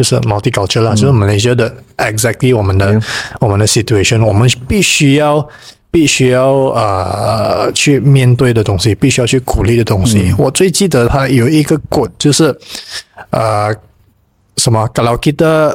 就是 multi-cultural 啦，嗯、就是、Malaysia 的 exactly 我們的、嗯、我們的 situation，我們必須要必須要啊、呃、去面對的東西，必須要去鼓勵的東西。嗯、我最記得他有一個 quote，就是啊、呃、什麼 galakita。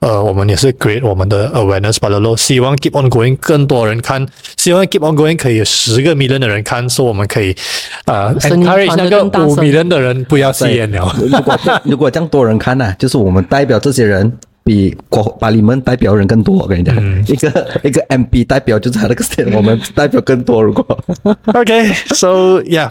呃，我們也是 create 我們的 awareness，但係咯，希望 keep on going，更多人看，希望 keep on going 可以有十個 million 的人看，所以我們可以，啊、呃，encourage 那個五 million 的人不要吸煙了。 如果如果這樣多人看呢、啊，就是我們代表這些人比國把你們代表人更多，我跟你講，嗯、 一個一個 MP 代表就是他那個，state 我們代表更多。如果，OK，so、okay, yeah。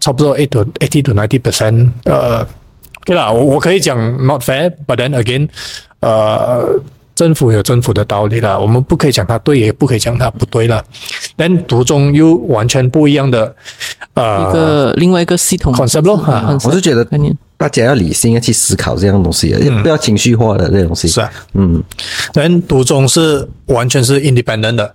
差不多 eighty 到 ninety percent，呃，OK 啦，我我可以講 not fair，but then again，呃，政府有政府的道理啦，我們不可以講它對，也不可以講它不對啦。但獨中又完全不一樣的，呃，一、這個另外一個系統 concept 咯、哦啊，我是覺得大家要理性要去思考這樣東西，嗯、也不要情緒化的呢東西。是啊，嗯，但獨中是完全是 independent 的。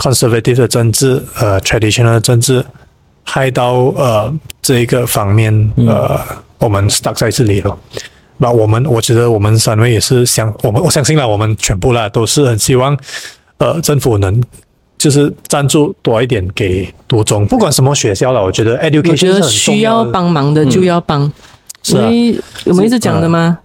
conservative 的政治，呃 traditional 的政治，喺到呃這一個方面，呃、嗯、我們 stuck 在這裡咯。那我們，我覺得我們三位也是想，我們我相信啦，我們全部啦，都是很希望，呃政府能就是贊助多一點給獨中，不管什麼學校啦，我覺得 education 我覺得需要幫忙的就要幫，所以我們一直講的嗎？嗯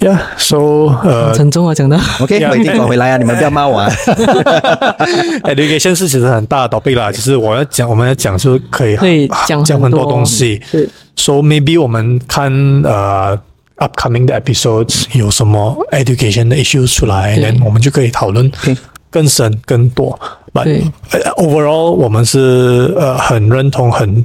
Yeah，so，呃，沉重啊，講到，OK，我一定趕回來啊，你們不要罵我。Education 是其實其實很大的 topic 啦，其實我要講，我們要講，就可以講很多東西。So maybe 我們看，呃，upcoming 的 episodes 有什麼 education 的 issues 出來，咁我們就可以討論更深更多。But overall，我們是，呃，很認同，很。